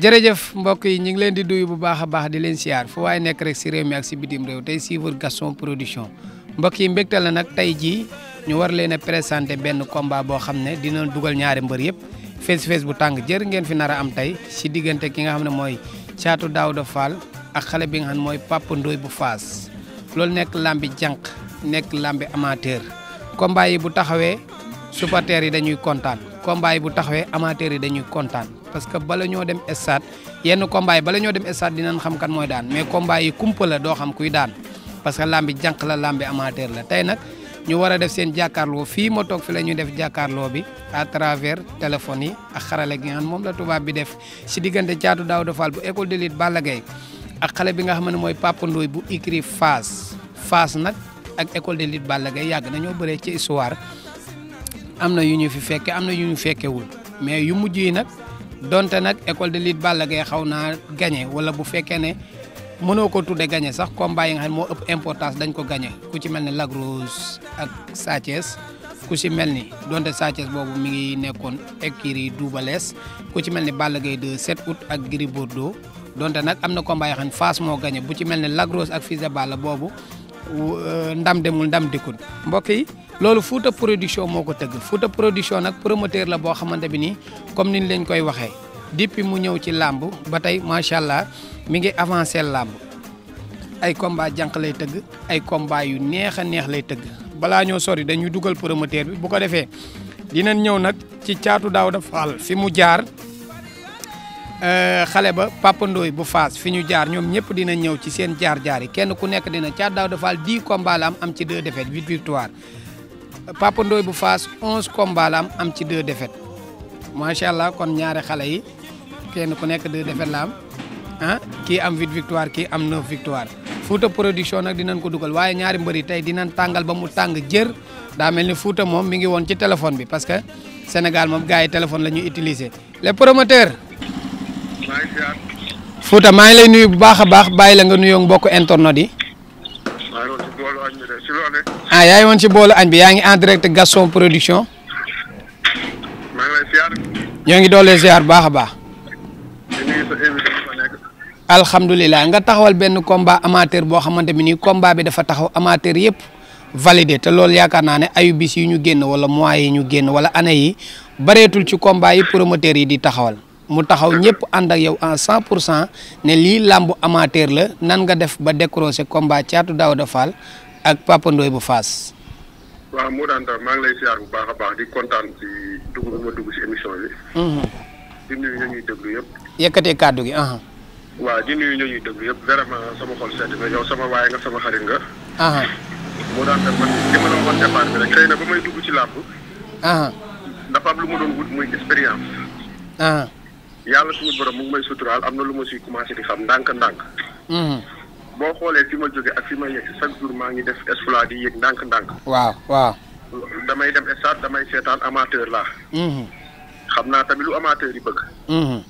jërëjëf mbokk yi ñu ngi leen di duyu bu baax a baax di leen siyaar fu waaye nekk rek si réew mi si bitim réew tey suivre Gaston Production mbokk yi mbégtal nag tey jii ñu war leen a présenté benn combat boo xam ne dina dugal ñaari mbër yëpp face face bu tàng jër ngeen fi nara am tey si diggante ki nga xam ne mooy Thiatou Daouda Fall ak xale bi nga xam mooy Papa Ndoye bu Faas loolu nekk lambi jànq nekk lambi amateur combat yi bu taxawee supporters yi dañuy kontaan combat yi bu taxawee amateurs yi dañuy kontaan parce que bala ñoo dem stade yenn combat bala ñoo dem stade dinañ xam kan mooy daan mais combat yi kumpa la doo xam kuy daan parce que lambi jànq la lambi amateur la tey nag ñu war a def seen jàkkaarloo fii ma toog fi la ñuy def jàkkaarloo bi à travers téléphone yi ak xarale gi moom la tubaab bi def si diggante Thiatou Daouda Fall bu école de lutte Balla Gaye xale bi nga xam ne mooy Papa Ndoye bu écrit Fass Fass nag ak école de lutte Balla Gaye yàgg nañoo bëree ci histoire am na yu ñu fi fekke am na yu ñu fekkewul mais yu mujj yi nag donte nag école de lutte Balla gay xaw naa gagné wala bu fekkee ne mënoo ko tudde gagné sax combat xam moo ëpp importance dañ ko gagné ku ci mel ni Lac Rose ak Sa ku ci mel ni donte Sa boobu mi ngi nekkoon écurie Double Less ku ci mel ni Balla Gaye de 7 août ak Gris Bordeaux donte nag am na combat yoo xam moo gagné bu ci mel ni Lac Rose ak Fils de Balla boobu euh, ndam demul ndam dikkul mbokk yi loolu Fouta production moo ko tëgg Fouta production nag promoteur la boo xamante bi nii comme niñ leen koy waxee depuis mu ñëw ci làmb ba tey macha allah mi ngi avancé làmb ay combat jànq lay tëgg ay combat yu neex a neex lay tëgg balaa ñoo sori dañuy dugal promoteur bi bu ko defee dinañ ñëw nag ci caatu daaw da fi mu jaar euh, xale ba Papa Ndoye bu faas fi ñu jaar ñoom ñëpp dina ñëw ci seen jaar-jaar kenn ku nekk dina caatu daaw da faal 10 combat la am am ci 2 défaites 8 victoires Papa Ndoye bu Faas 11 combats am am ci deux défaites macha allah kon ñaari xale yi kenn ku nekk deux défaites la am ah, kii am 8 victoire kii am 9 victoire Fouta production nag dinañ ko dugal waaye ñaari mbër yi tey dinan tàngal ba mu tàng jër daa mel ni Fouta moom mi ngi woon ci téléphone bi parce que Sénégal moom gars yi téléphone la ñuy utiliser les promoteurs. Fouta maa ngi lay nuyu bu baax a baax bàyyi la nga nuyoo mbokk internet yi. ah yaa ngi woon ci boolu añ bi yaa ngi en direct Gaston Production. ñoo ngi doole ziar baax a baax. alhamdulilah nga taxawal benn combat amateur boo xamante bi nii combat bi dafa taxaw amateur yëpp validé te loolu yaakaar naa ne ayu bis yi ñu génn wala mois yi ñu génn wala année yi bareetul ci combat yi promoteur yi di taxawal. mu taxaw ñëpp ànd ak yow en cent pour cent ne lii làmb amateur la nan nga def ba décrocher combat Thiatou Daouda Fall ak Papa bu Faas. waaw moo daan tax maa ngi lay siyaar bu baax a baax di kontaan ci dugg bi ma dugg ci émission bi. Mhm. di nuyu ñoo ñuy déglu yëpp. yëkkatee kàddu gi. Uh-huh. waaw di yu ñoo ñuy dëgg yëpp vraiment sama xol sedd na yow sama waay nga sama xarit nga. Uh-huh. moo daan tax man ma doon départ bi rek xëy na ba may ci làmb. Uh-huh. dafa lu ma doon wut muy expérience. yàlla suñu borom mu ngi may suturaal am na lu ma si commencé di xam ndànk-ndànk. Mm-hmm. boo xoolee fi ma jóge ak fi ma yegg chaque jour maa ngi def exploit di yéeg ndànk-ndànk. waaw waaw. damay dem stade damay seetaan amateur laa. Mhm. xam naa tamit lu amateur yi bëgg. Mhm.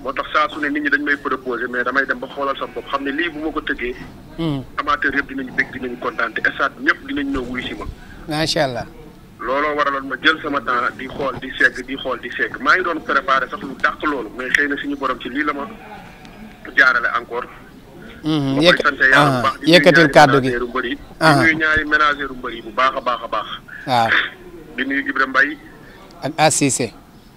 moo tax saa su ne nit ñi dañ may proposé mais damay dem ba xoolal sa bopp xam ne lii bu ma ko tëggee. Mhm. amateur yëpp dinañ bëgg dinañ kontaan te stade ñëpp dinañ ñëw wuy si ma. macha allah. looloo waraloon ma jël sama temps di xool di segg di xool di segg maa ngi doon préparé sax lu dàq loolu mais xëy na suñu borom ci lii la ma jaarale encore. ma mhm. koy sant yàlla bu ah, baax di yëkkatil kàddu gi ah. di nuyu ñaari ménagère u mbër bu baax a baax a baax waaw ah. di nuyu Ibra Mbaye ak Assise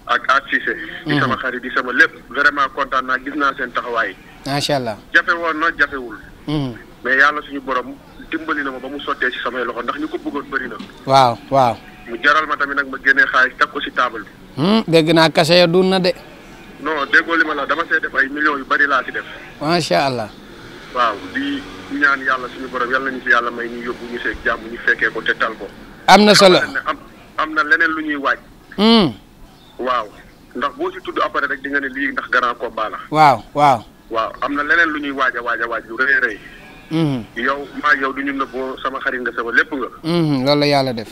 ak Assise di mhm. sama xarit di sama lépp vraiment kontaan naa gis naa seen taxawaay macha allah jafe woon na jafewul mhm. mais yàlla suñu borom dimbali na ma ba mu sottee si samay loxo ndax ñu ko bëggoon bëri na waaw waaw mu jaral ma tamit nag ma génnee xaalis teg ko si taabal bi hmm, dégg naa cachet ya na de non déggoo li ma la dama see def ay millions yu bari laa si def macha allah waaw di ñaan yàlla suñu borom yàlla ñu ci yàlla may ñu yóbbu ñu seeg jàmm ñu fekkee ko te tal am na solo am am na leneen lu ñuy waaj. Hmm. waaw ndax boo si tudd apare rek di nga ne lii ndax grand combat la. waaw waaw. waaw am na leneen lu ñuy waaj a waaj a waaj lu rëy a rëy. Hmm. yow maa yow du ñu nëbboo sama xarit nga sama lépp nga. Hmm, loolu la yàlla def.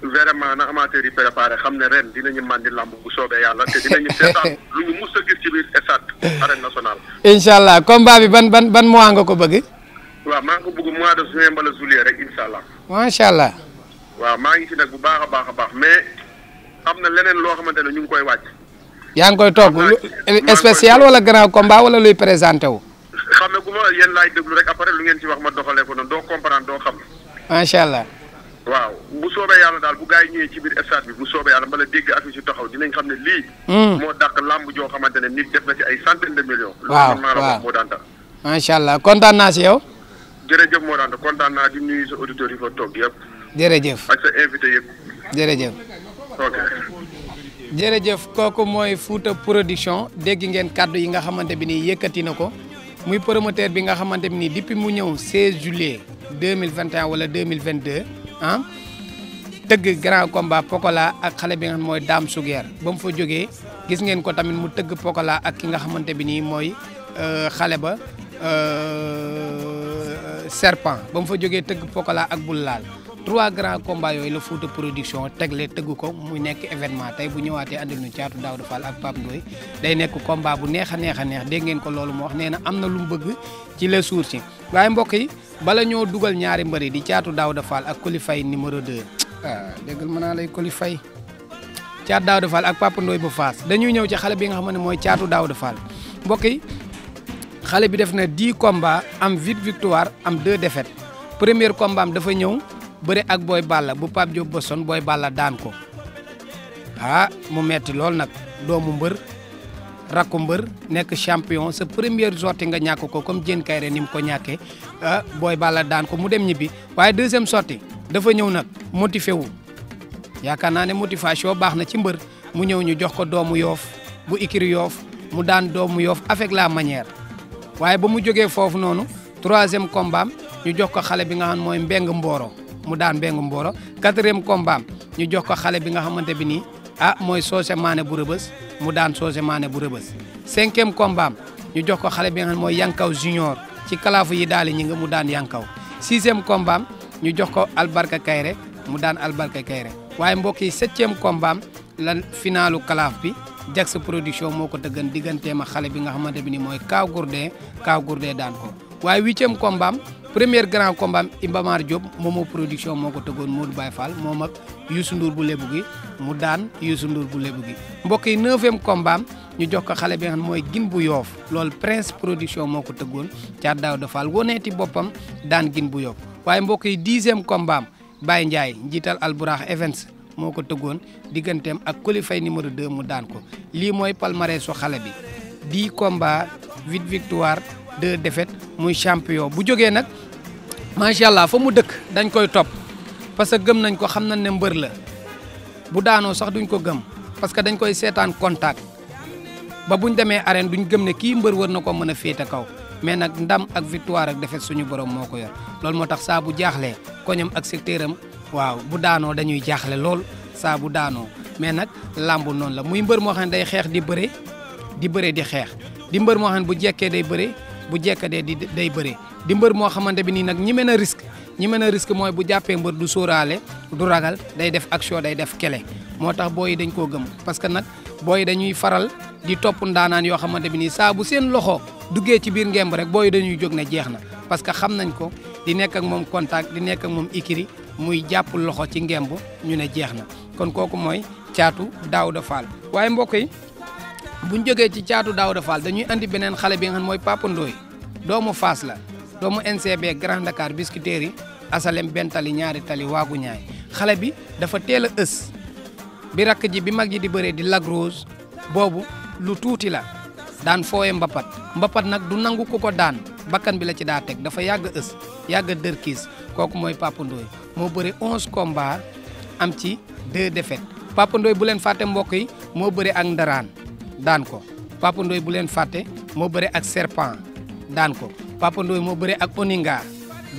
vraiment na amateur yi préparé xam ne ren dinañu màndi làmb bu soobee yàlla te dinañu seetaan lu ñu mus a gis ci biir stade arène nationale. incha allah combat bi ban ban ban moo nga ko bëgg. waaw maa ngi ko mois de juin mbala juillet rek incha allah. allah. waaw maa ngi ci nag bu baax a baax a baax mais am na leneen loo xamante ne ñu ngi koy wàcc. yaa ngi koy togg spécial wala grand combat wala luy présenté wu. xam ne bu ma yéen laay déglu rek après lu ngeen ci wax ma doxalee ko noonu doo comprendre doo xam. macha allah. waaw bu soobee yàlla daal bu gaa yi ñëwee ci biir stade bi bu soobee yàlla bala dégg affiche yu taxaw dinañ xam ne lii. Hmm. moo dàq làmb joo xamante ne nit def na ci ay centaine de millions. waaw waaw moo daan tax. macha allah kontaan naa si yow. jërëjëf moo daan kontaan naa di nuyu sa auditeurs yi fa toog yëpp. jërëjëf ak sa invité yëpp. jërëjëf. jërëjëf kooku mooy Fouta production dégg ngeen kàddu yi nga xamante bi nii yëkkati na ko muy promoteur bi nga xamante bi nii depuis mu ñëw 16 juillet 2021 wala 2022. ah tëgg grand combat Pokola ak xale bi nga xam mooy daam Suguer ba fa jógee gis ngeen ko tamit mu tëgg Pokola ak ki nga xamante bi nii mooy euh, xale ba euh, serpent ba mu fa jógee tëgg Pokola ak bul laal trois grands combats yooyu la Fouta production tegle tëgg ko muy nekk événement tey bu ñëwaatee andil ñu caatu Daouda Fall ak Pape Ndoye nekk combat bu neex a neex neex dégg ngeen ko loolu moo wax nee am na lu mu bëgg ci les suur si waaye mbokk yi bala ñoo dugal ñaari mbëri di caatu Daouda Fall ak Coly Faye numéro 2 ah, mën naa lay Coly Faye caatu Daouda Fall ak Pape bu Faas dañuy ñëw ci xale bi nga xam ne mooy caatu Daouda Fall mbokk yi xale bi def na 10 combats am 8 victoire am 2 défaites premier combat dafa ñëw. bëre ak booy Balla bu Pape Diop Boston Boy Balla daan ko ah mu metti lool nag doomu mbër rakku mbër nekk champion sa première sortie nga ñàkk ko comme Diène Kaïré ni mu ko ñàkkee ah Boy Balla daan ko mu dem ñibbi waaye deuxième sortie dafa ñëw nag motivé wu yaakaar naa ne motivation baax na ci mbër mu ñëw ñu jox ko doomu yoof bu ikiri yoof mu daan doomu yoof avec la manière waaye ba mu jógee foofu noonu troisième combat ñu jox ko xale bi nga xam mooy mbeng mbooro mu daan Mbengue Mboro quatrième combat am ñu jox ko xale bi nga xamante bi ni a ah, mooy Socé Mané bu rëbës mu daan Socé Mané bu rëbës cinquième combat am ñu jox ko xale bi nga xam mooy Yankaw Junior ci kalaafu yi daal ñi nga mu daan Yankaw sixième combat am ñu jox ko Albarka Kayre mu daan Albarka Kayre waaye mbokk yi septième combat am la finalu kalaaf bi Jax production moo ko dëggan digganteem ak xale bi nga xamante bi ni mooy Kaaw Gourdin Kaaw Gourdin daan ko premier grand combat Ibamar Diop Momo production moo ko tëggoon Modou Baye Fall moom ak Youssou Ndour bu lebu gi mu daan Youssou Ndour bu lebu gi mbokk yi neuvième combat ñu jox ko xale bi mooy gin bu yoof lool prince production moo ko tëggoon Thiat Daouda Fall woneeti boppam daan gin bu yoof waaye mbokk yi dixième combat Baye Ndiaye njiital Alburax Events moo ko tëggoon digganteem ak Colifay numéro 2 mu daan ko lii mooy palmarès su xale bi 10 combats 8 victoire deux défaites muy champion bu jógee nag macha allah fa mu dëkk dañ koy topp parce que gëm nañ ko xam nañ ne mbër la bu daanoo sax duñ ko gëm parce que dañ koy seetaan contact ba buñ demee arène duñ gëm ne kii mbër war na ko mën a féete kaw mais nag ndam ak victoire ak défaite suñu borom moo ko yor loolu moo tax saa bu jaaxlee koñam ak secteuram waaw bu daanoo dañuy jaaxle lool saa bu daanoo mais nag làmb noonu la muy mbër moo xam ne day xeex di bëre di bëre di xeex di mbër moo bu jekkee day bëre bu jekkadee di day bëre di mbër moo xamante bi nii nag ñi mën a risque ñi mën a risque mooy bu jàppee mbër du sooraale du ragal day def action day def kele moo tax booy yi dañ koo gëm parce que nag booy dañuy faral di topp ndaanaan yoo xamante bi nii saabu seen loxo duggee ci biir ngemb rek booy yi dañuy jóg na jeex na parce que xam nañ ko di nekk ak moom contact di nekk ak moom ikiri muy jàpp loxo ci ngemb ñu ne jeex na kon kooku mooy caatu daaw Fall waaye mbokk buñ jógee ci caatu Daouda Fall dañuy indi beneen xale bi nga mooy Papa doomu Fass la doomu NCB Grand Dakar Biscuiterie asalem benn tali ñaari tali waagu ñaay xale bi dafa teel a ës bi rakk ji bi mag ji di bëree di Lac boobu lu tuuti la daan fooye mbapat mbapat nag du nangu ku ko daan bakkan bi la ci daa teg dafa yàgg ës yàgg a kiis kooku mooy Papa Ndoye moo bëri 11 am ci 2 défaites Papa Ndoye bu leen fàtte mbokk yi moo bëri ak ndaraan daan ko Papa Ndoye bu leen fàtte moo bëre ak serpent daan ko Papa Ndoye moo bëre ak oninga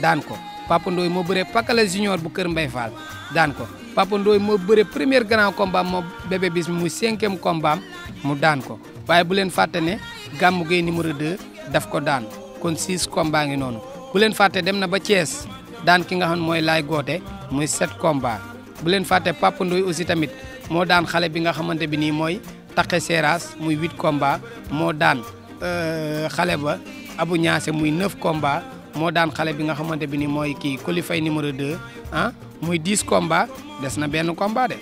daan ko Papa Ndoye moo bëre pakala junior bu kër Mbay Fall daan ko Papa moo bëre premier grand combat moo bébé bis muy cinquième combat mu daan ko waaye bu leen fàtte ne gàmmu gay numéro 2 daf ko daan kon six combat ngi noonu bu leen fàtte dem na ba Thiès daan ki nga xam mooy laay goote muy sept combat bu leen fàtte Papa Ndoye aussi tamit moo daan xale bi nga xamante bi nii mooy Taxe Seras muy huit combats moo daan euh, xale ba Abu Ñaase muy neuf combats moo daan xale bi nga xamante bi ni mooy kii Kolifay numéro deux ah muy dix combats des na benn combat de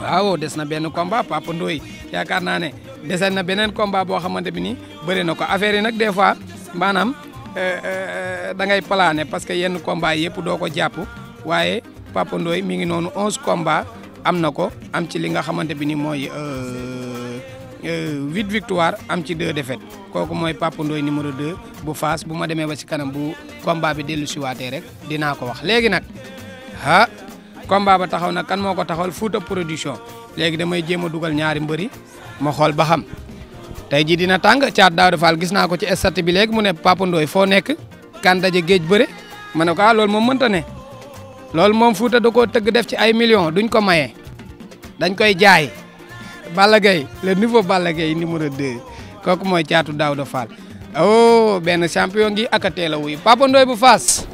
waaw des na benn combat Papa Ndoye yaakaar naa ne desal na beneen combat boo xamante bi ni bëri na ko affaire yi nag des fois maanaam euh, euh, da ngay plané parce que yenn combat yëpp doo ko jàpp waaye Papa Ndoye mi ngi noonu onze combats. am na ko am ci li nga xamante bi ni mooy euh, euh, huit victoire am ci deux défaites kooku mooy Pape Ndoye numéro deux bu Fass bu ma demee ba ci kanam bu combat bi dellu si waatee rek dinaa ko wax léegi nag ah combat ba taxaw na kan moo ko taxawal Fouta production léegi damay jéem a dugal ñaari mbëri ma xool ba xam tey jii dina tàng caat Daouda Fall gis naa ko ci stade bi léegi mu ne Pape Ndoye foo nekk kan daje géej bëre ma ne ko ah loolu moom mënta ne loolu moom Fouta da koo tëgg def ci ay millions duñ ko maye dañ koy jaay Balla Gaye le nouveau Balla Gaye numéro 2 kooku mooy caatu Daouda Fall oh benn champion ngi ak a teel bu Fass.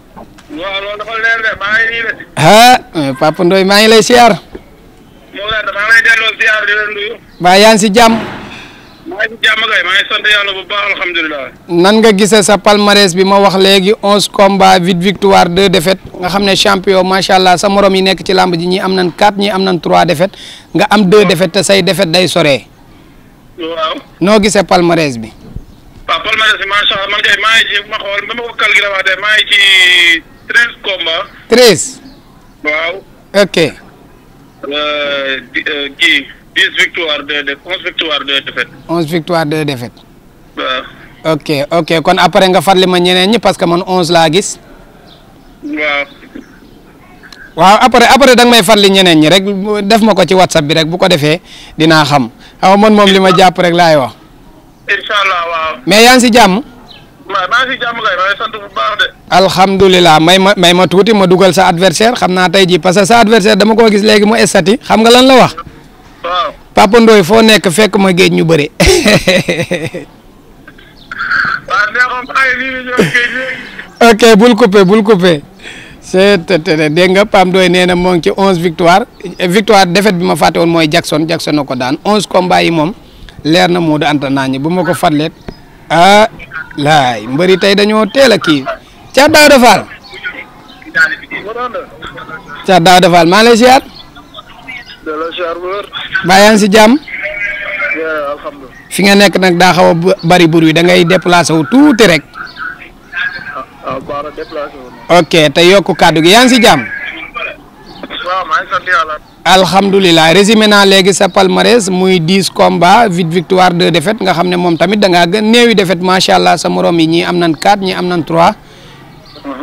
waaw loolu euh, maa ngi lay siyaar. mu leer yaa ngi si jàmm. sant yàlla bu baax alhamdulilah. nan nga gisee sa palmarès bi ma wax léegi onze combats huit victoire deux défaites nga xam ne champion macha allah sa morom yi nekk ci làmb ji ñi am nañ quatre ñi am nañ trois défaites nga am deux défaites te say défaites day soree. waaw noo gisee palmarès bi. waaw palmarès man kay maa ngi ci ma xool ma ko calculé waat de maa ngi ci treize combats. treize. waaw. ok. Euh, euh, dix victoires deux défaites onze ok ok kon après nga farli ma ñeneen ñi parce que man onze laa gis. waaw. waaw après après da nga may farli ñeneen ñi rek def ma ko ci whatsapp bi rek bu ko defee dinaa xam xaw man moom li ma jàpp rek laay wax. mais yaa ngi si jàmm. waaw maa ngi si jàmm kay maa ngi sant bu baax de. alhamdulilah may ma may ma tuuti ma dugal sa adversaire xam naa tey jii parce que sa adversaire dama ko gis léegi mu estati xam nga lan la wax. waaw Papa foo nekk fekk ma géej ñu bëre. ok bul coupé bul coupé c'est dégg nga Pam Ndoye nee na moo ngi ci onze victoire victoire défaite bi ma fàtte woon mooy Jackson Jackson ko daan onze combats yi moom leer na Modou Anta naa bu ma ko fatleet ah laay mbëri tey dañoo teel a kii Thia Daouda Fall Thia Daouda Fall maa delloo ziar bu yaa ngi si jàmm. alhamdulilah. fi nga nekk nag daa xaw a bari bruit da ngay déplacé wu tuuti rek. Ah, ah, ok te yokk kàddu gi yaa ngi si jàmm. waaw maa ngi sant yàlla. alhamdulilah résumé naa léegi sa palmarès muy dix combats huit victoire de defet nga xam ne moom tamit da ngaa gën néewi défaite macha allah sa morom yi ñii am nan quatre ñii am nan trois.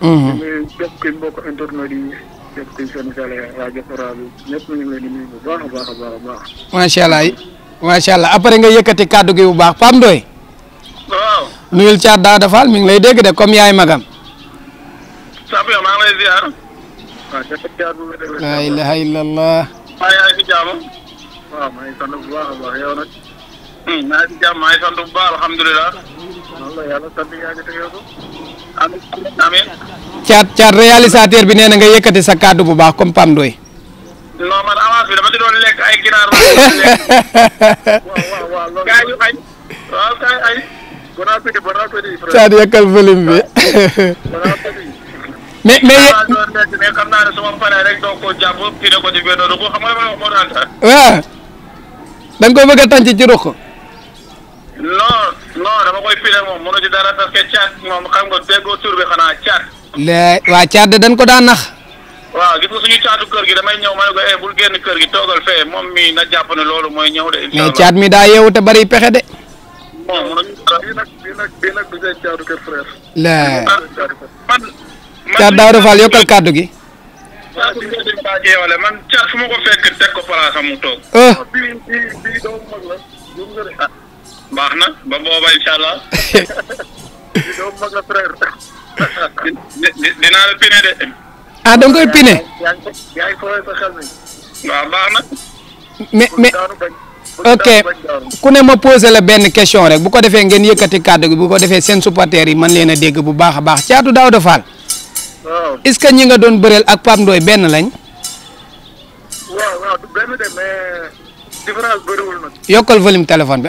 Mm-hmm. mais képp kuy mbokk nga yëkka kàddu gi bu baax Pape Ndoye. waaw. nuyul Thiat Daouda Fall mi lay dégg de comme yaay magam. Samb maa laa ilaha illallah. amiin caat caat réalisateur bi nee na nga yëkkati sa kàddu bu baax comme Pam Ndoye. ay caat yëkkal volume bi. bon appétit. mais mais yéen maa ma paree ko jàpp ko ci ah. ci ruq. non dama koy pile moom moo ci dara parce que caat moom xam nga déggoo tur bi xanaa caat. lee waa caat de dañ ko daa nax. waaw gis nga suñu caatu kër gi damay ñëw ma ne ko eh, bul génn kër gi toogal fee moom mii na jàpp ne loolu mooy ñëw de. incha allah mais mi daa yeewu te bari pexe de. bon bii nag bii nag bii yokkal kàddu gi. man caat fu ko fekk teg ko baax na ba booba incha allah. doo mag de. ah da nga koy baax na. mais mais ok ku ne ma posé la benn question rek bu ko defee ngeen yëkkati kàddu gi bu ko defee seen supporters yi man leen a dégg bu baax baax caatu Daouda Fall. waaw que ñi nga doon bëreel ak Pape Ndoye benn lañ. yokkal volume téléphone bi.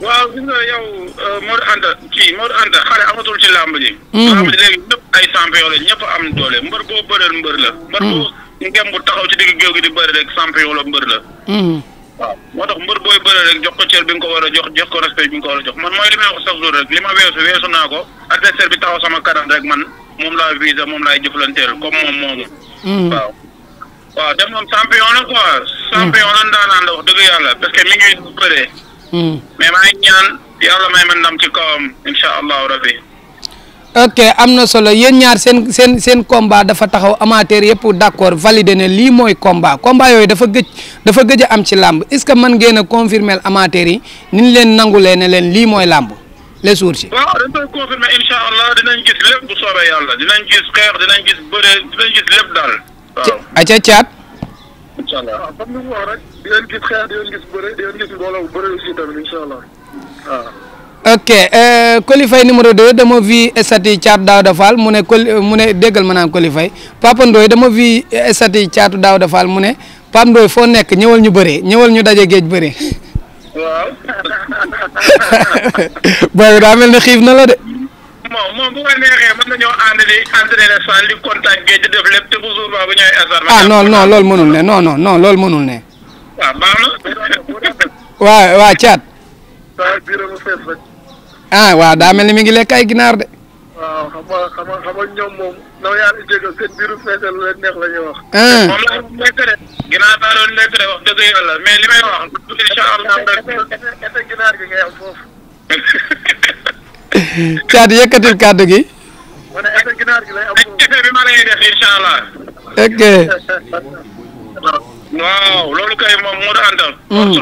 waaw gis nga yow euh, Mor Anta kii Mor Anta xale amatul ci làmb ji. Mhm. làmb ji léegi ñëpp ay champion la am doole mbër boo bëreel mbër la. mbër mhm. boo ngem bu taxaw ci digg géew gi di bëri rek champion la la. Mhm. waaw moo tax mbër booy bëre rek jox ko cër bi nga ko war a jox jox a jox man mooy li may wax chaque li ma weesu weesu naa ko adversaire bi taxaw sama kanam rek man moom laa visé moom laay jëflanteel comme moom moomu. waaw waaw def moom champion la quoi. champion lan daanaan la wax dëgg yàlla mais maa ngi ñaan yàlla may ma ndam ci kawam incha allahu rabbi. ok am na solo yéen ñaar seen seen seen combat dafa taxaw amateur yëpp d'accord validé ne lii mooy combat combat yooyu dafa gëj dafa gëj am ci làmb est-ce que mën ngeen a confirmer amateur yi ni ñu leen nangulee ne leen lii mooy làmb le jours yi. waaw dañ koy confirmer incha allah dinañ gis lépp bu soobee yàlla dinañ gis xeex dinañ gis bëre dinañ gis lépp daal waaw. ca caat. incha allah waaw comme ni mu wax ok euh, Coly Faye numéro dama vi estati caatu Daouda Fall mu ne mu ne déggal ma naan Coly Faye dama vi estati caatu Daouda Fall mu ne Papa foo nekk ñëwal ñu bëree ñëwal ñu daje géej bëree. waaw. daa mel ne xiif na la de. moom moom bu ko neexee mën nañoo ànd di entraîné sax di contact géej di def lépp te bu jour ba bu ah, loolu mënul ne non non non loolu mënul ne. waa waa Thiat. ah waaw daa mel ni mi ngi ginaar de. la ñuy ah. ginaar daa doon lekk de wax dëgg yàlla mais li may wax. incha allah. ginaar caat yëkkatil kàddu gi. ok. waaw loolu kay mm.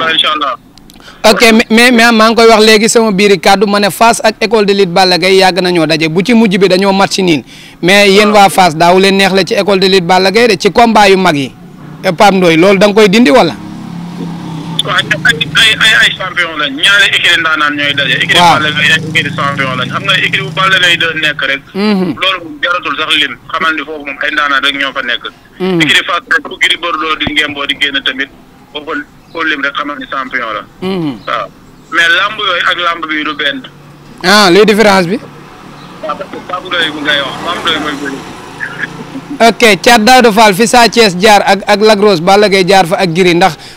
mais mais maa ngi koy wax léegi sama biiri kàddu ma ne Fass ak école de lutte Balla Gaye yàgg nañoo daje bu ci mujj bi dañoo match niin mais yéen waa Fass daaw leen neex la ci école de lutte Balla Gaye de ci combat yu mag yi Pape ndooy loolu danga koy dindi wala. waaw ay ay ay champion lañ ñaari écurie ndaanaan ñooy daje. waaw écurie Balla Gaye ak écurie champion lañ xam nga écurie bu Balla Gaye doon nekk rek. Mhm. loolu jaratul sax lim xamal ni foofu moom ay ndaanaan rek ñoo fa nekk. Mhm. écurie Fass rek ku Gris Bordeaux di ngemboo di génn tamit foofu foofu lim rek xamal ni champion la. Mhm. waaw mais lamb yooyu ak lamb bi du benn. ah luy différence bi. ok Thiat Daouda Fall fi Sa Thiès jaar ak ak Lac Rose Balla jaar fa ak Gris ndax.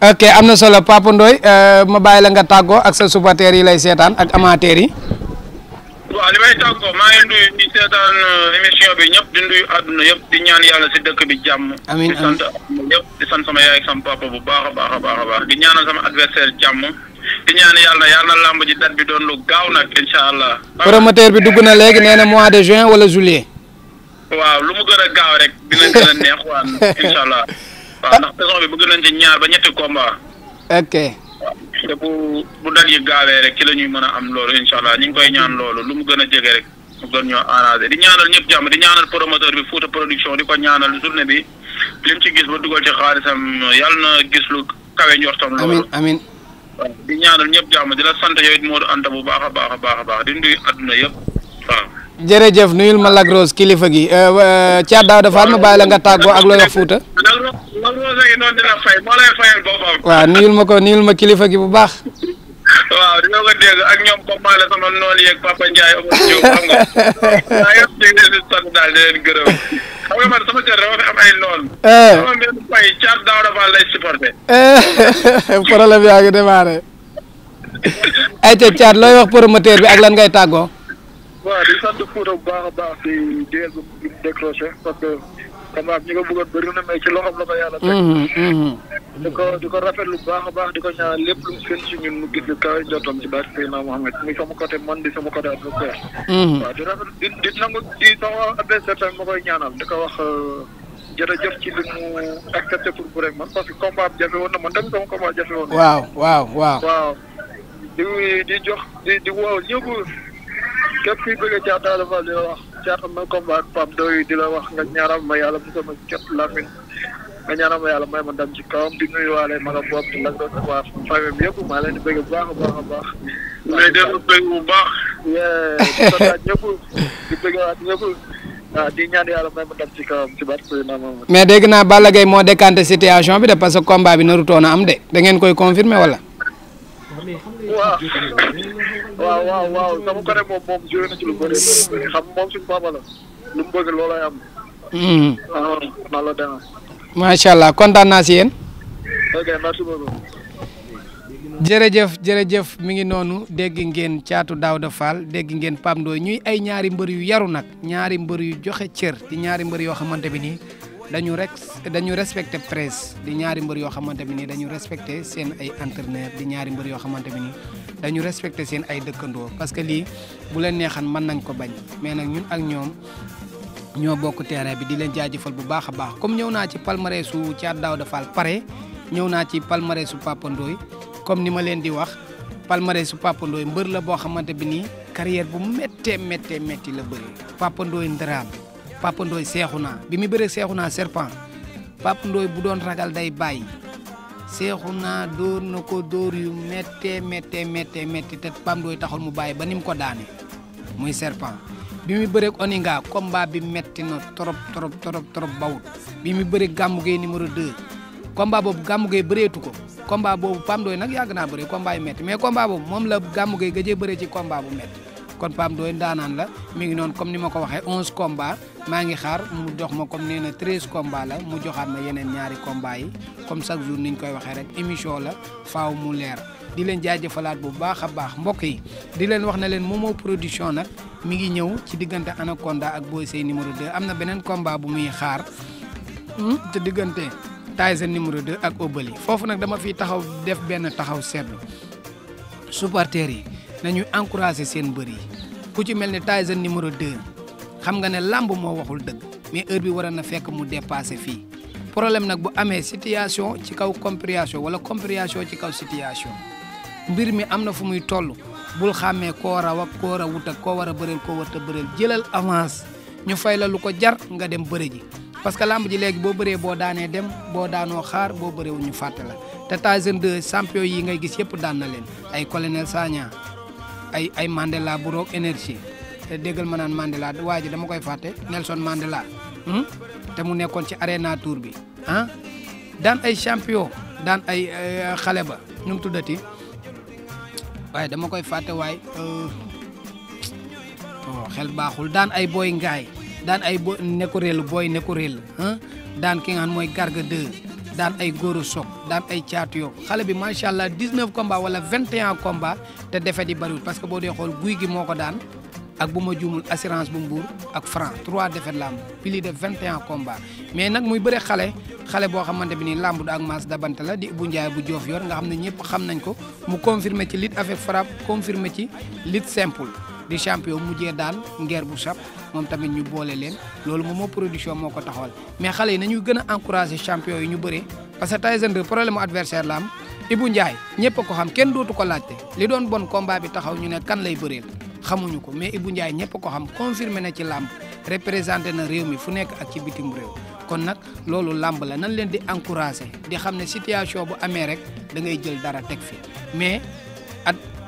ok am na solo Papa Ndoye euh, ma bàyyi nga tàggoo ak sa supporters yi lay seetaan ak amateurs yi. waa li may tàggoo maa ngi nuyu seetaan euh, émission bi ñëpp di nuyu àdduna yëpp di ñaan yàlla si dëkk bi jàmm. amiin amiin di sant yëpp sama yaay sama papa bu baax a baax a baax a di ñaanal sama adversaire jàmm. di ñaan yàlla yàlla na làmb ji date bi doon lu gaaw nag incha allah. promoteur bi dugg na léegi nee na mois de juin wala juillet. waaw lu mu gën a gaaw rek dina gën a neex waan incha waaw ah, ndax saison bi bëgg nañ ci ñaar ba ñetti combat. ok. te bu bu dal yi gaawee rek ci la ñuy mën a am loolu incha allah ñu ngi koy ñaan loolu lu mu gën a jege rek mu gën ñoo arrangé di ñaanal ñëpp jàmm di ñaanal promoteur bi Fouta production di ko ñaanal journée bi lim ci gis ba dugal ci xaalisam yàlla na gis lu kawe njortam. loolu amin di ñaanal ñëpp jàmm di la sant yooyu Modou Anta bu baax a baax a baax a baax di nuyu adduna yëpp waaw. jërëjëf nuyul ma Lac Rose kilifa gi euh, euh, Thiat Daouda Fall ma bàyyi la nga tàggoo ak looy wax Fouta. waaw nuyul ma ko nuyul ma kilifa gi bu baax. waaw dina ko dégg ak ñoom Papa la sama noonu yeeg Papa Ndiaye amul jiw xam nga maa ngi leen di sant daal di leen gërëm xam nga man sama kër dafa fi am ay noonu. sama eh. benn fay Thiat Daouda Fall lay supporté. Eh, problème yaa ngi démarré. ayca Thiat looy wax promoteur bi ak lan ngay tàggoo. waaw di sant Fouta bu baax a baax di jéeg bu décroché parce que xamaa ñi ko bëggoon bëri na mais ci loxoom la ko yàlla teg. Mm-hmm, mm-hmm. di ko di ko baax a baax di ko ñaan lépp lu gën si ñun mu gis lu kawe jotoon ci baax Seydina Mohamed muy sama côté man di sama a adversaire. Mm-hmm. waaw di rafet di nangu di sama adversaire tamit ma koy ñaanal di ko wax. Euh, jërëjëf ci li mu accepté pour bu rek man parce que combat bi jafe woon na man tamit sama combat jafe woon. waaw di di jox di di woo képp kuy bëggee Thiatou Daouda Fall di la wax Thiatou am na combat ak Pape Ndoye di la wax nga ñaaral ma yàlla bu sama jot Lamine nga ñaaral ma yàlla may ma dem ci kawam di nuyuwaale ma nga bopp di la doon waa famille bi yëpp maa leen di bëgg bu baax a baax a baax. mais dégg bëgg bu baax. di kontaan ñëpp di bëggewaat ñëpp waaw ah, di ñaan yàlla may ma dem ci kawam ci barke na moom. mais dégg naa Balla Gaye moo décanté situation bi de parce que combat bi narutoon a am de da ngeen koy confirmer wala. waaw. waaw waaw waaw sama côté moom hmm. ah, macha allah kontaan naa si yéen. jërëjëf jërëjëf mi ngi noonu dégg ngeen caatu Daouda Fall dégg ngeen Pape Ndoye ñuy ay ñaari mbër yu yaru nag ñaari mbër yu joxe cër ñaari mbër yoo xamante bi nii. dañu rek dañu respecté presse di ñaari mbër yoo xamante ne nii dañu respecté seen ay entraîneur di ñaari mbër yoo xamante ne nii dañu respecté seen ay dëkkandoo parce que lii bu leen neexan mën nañ ko bañ mais nag ñun ak ñoom ñoo bokk terrain bi di leen jaajëfal bu baax a baax comme ñëw naa ci palmarès su Thiat Daouda Fall pare ñëw naa ci palmarès su Papa Ndoye comme ni ma leen di wax palmarès su Papa Ndoye mbër la boo xamante bi nii carrière bu méttee méttee métti la bëri Papa Ndoye Ndrame Papa Ndoye seexu naa bi mu bëree seexu naa serpent Papa Ndoye bu doon ragal day bàyyi seexu naa dóor na ko dóor yu méttee méttee méttee métti te Papa Ndoye taxul mu bàyyi ba ni mu ko daane muy serpent bi mu bëreeg oninga combat bi metti na trop trop trop trop bawut bi mu bëreeg gàmmu gay numéro 2 combat boobu gàmmu gay bëreetu ko combat boobu Papa Ndoye nag yàgg naa bëree combat yu métti mais combat boobu moom la gàmmu gay gëjee bëree ci combat bu métti kon Pape Ndoye daanaan la mi ngi noonu comme ni ma ko waxee 11 combats maa ngi xaar mu jox ma comme nee na 13 combats la mu joxaat ma yeneen ñaari combats yi comme chaque jour niñ koy waxee rek émission la faaw mu leer. di leen jaajëfalaat bu baax a baax mbokk yi di leen wax na leen Momo production nag mi ngi ñëw ci diggante anakonda ak booy Sey numéro 2 am na beneen combat bu muy xaar te diggante Tyson numéro 2 ak Obali foofu nag dama fi taxaw def benn taxaw seetlu supporters yi nañu encouragé seen mbër yi ku ci mel ni Tyson numéro 2 xam nga ne làmb moo waxul dëgg mais heure bi waroon na fekk mu dépassé fii problème nag bu amee situation ci kaw compréhension wala compréhension ci kaw situation mbir mi am na fu muy toll bul xàmmee koo raw ak koo rawut ak koo war a bëreel koo warta bëreel jëlal avance ñu fay la lu ko jar nga dem bëre parce que làmb ji léegi boo bëree boo daanee dem boo daanoo xaar boo bëree ñu fàtte la te Tyson 2 champion yi ngay gis yëpp daan na leen ay colonel Sagna ay ay Mandela bu roog énergie te déggal ma naan Mandela waa ji dama koy fàtte Nelson Mandela hmm? te mu nekkoon ci arena tour bi ah? daan ay champion daan ay eh, xale ba ñum tuddati waaye dama koy fàtte waay euh, oh, xel baaxul daan ay booy ngaay daan ay bo nekkuréel booy ah? nekkuréel daan ki nga xam mooy garga 2 daan ay góor soog daan ay caatu yow xale bi macha allah 19 combats wala 21 combats te defet yi bariwul parce que boo dee xool guy gi moo ko daan ak bu ma juumul assurance bu mbuur ak franc 3 defet lamb pili de 21 combats mais nag muy bëre xale xale boo xamante bi nii lamb du ak maas dabante la di bu njaay bu joof yor nga xam ne ñëpp xam nañ ko mu confirmé ci lit avec frappe confirmé ci lit simple di champion mujjee daan ngeer bu sap moom tamit ñu boole leen loolu moom moo production moo ko taxawal mais xale yi nañuy gën a encouragé yi ñu bëree parce que Tyson 2 problème mu adversaire la am Ibou Ndiaye ñëpp ko xam kenn dootu ko laajte li doon bon combat bi taxaw ñu ne kan lay bëreel xamuñu ko mais bu Ndiaye ñëpp ko xam confirmé na ci làmb représenté na réew mi fu nekk ak ci bitim réew kon nag loolu làmb la nan leen di encouragé di xam ne situation bu amee rek da ngay jël dara teg fi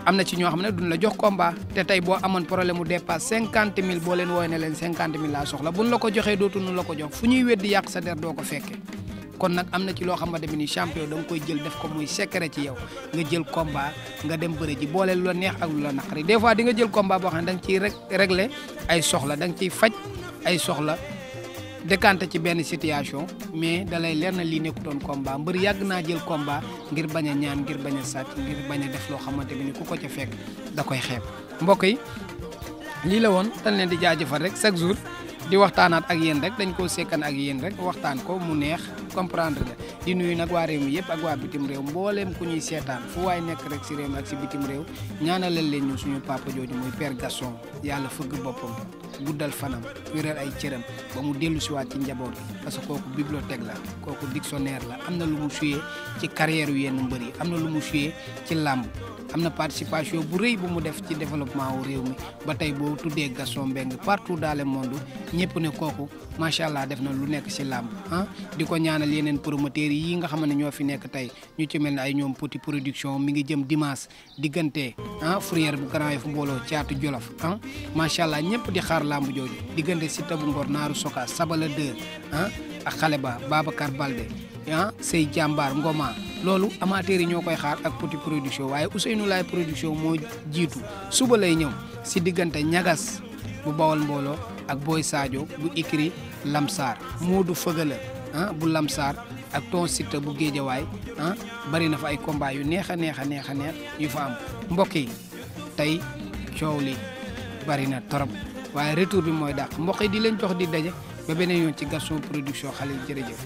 am na ci ñoo xam ne duñ la jox combat te tey boo amoon problème mu dépasse cinquante mille boo leen wooy ne leen cinquante mille laa soxla buñ la ko joxee dootuñu la ko jox fu ñuy weddi yàq sa der doo ko fekke kon nag am na ci loo xamante ni champion da nga koy jël def ko muy secret ci yow nga jël combat nga dem bëre ji boole lu la neex ak lu la naqari des fois di nga jël komba boo xam ne da nga ciy rek régler ay soxla danga ciy faj ay soxla décanté ci benn situation mais dalay leer na lii nekkutoon combat mbër yàgg naa jël combat ngir bañ a ñaan ngir bañ a sàcc ngir bañ a def loo xamante bi ni ku ko ca fekk da koy xeeb mbokk yi lii la woon dañ leen di jaajëfal rek chaque jours di waxtaanaat ak yéen rek dañ koo sekkan ak yéen rek waxtaan ko mu neex comprendre la di nuyu nag waa réew mi yëpp ak waa bitim réew mbooleem ku ñuy seetaan fu waay nekk rek si réew mi ak si bitim réew ñaanalal leen ñu suñu papa jooju muy père Gaston yàlla fëgg boppam guddal fanam wéral ay cëram ba mu dellu siwaat ci njaboot gi parce que kooku bibliothèque la kooku dictionnaire la am na lu mu suyee ci carrière yu yenn mbër yi am na lu mu suyee ci làmb am na participation bu rëy bu mu def ci développement wu réew mi ba tey boo tuddee gason Mbengue partout dans le monde ñëpp ne kooku macha allah def na lu nekk si làmb ah di ko ñaanal yeneen promoteurs yi nga xam ñoo fi nekk tey ñu ci mel ne ay ñoom petit production mi ngi jëm dimanche diggante ah Fourrière bu Grand Yoff mbooloo caatu Jolof ah macha allah ñëpp di xaar làmb jooju diggante Siteu bu Ngor naaru Soka Sabala 2 ah ak xale ba Babacar Balde ah say jàmbaar ngoma loolu amateurs yi ñoo koy xaar ak petit production waaye Ousseynou laay production moo jiitu suba lay ñëw si diggante ñagas bu bawal mbooloo ak Boy Sadio bu Ikri Lamsar du Fëgala ah bu Lamsar ak Ton Sita bu Géejawaay ah bari na fa ay combat yu neex a neex a neex a neex yu fa am mbokk yi tey coow li bari na torop waaye retour bi mooy dàq mbokk yi di leen jox di daje ba beneen yoon ci Gaston Production xale yi jërëjëf.